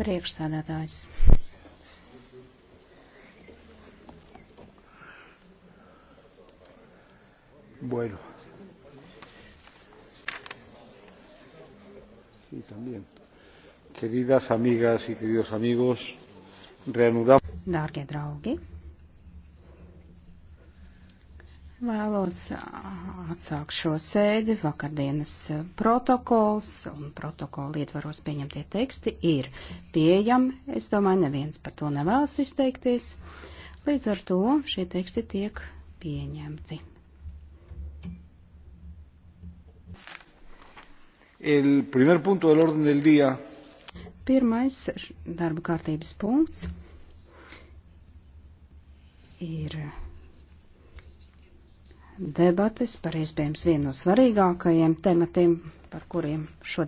Priekšsēdētājs. Bueno. Sí, también. Queridas amigas y queridos amigos, reanudamos. Dārgie draugi, Vēlos atsākt šo sēdi, vakardienas protokols un protokola ietvaros pieņemtie teksti ir pieejami. Es domāju, neviens par to nevēlas izteikties. Līdz ar to šie teksti tiek pieņemti. El primer punto del orden del día. Pirmais darba kārtības punkts ir debates par iespējams vienu no svarīgākajiem tematiem, par kuriem šodien.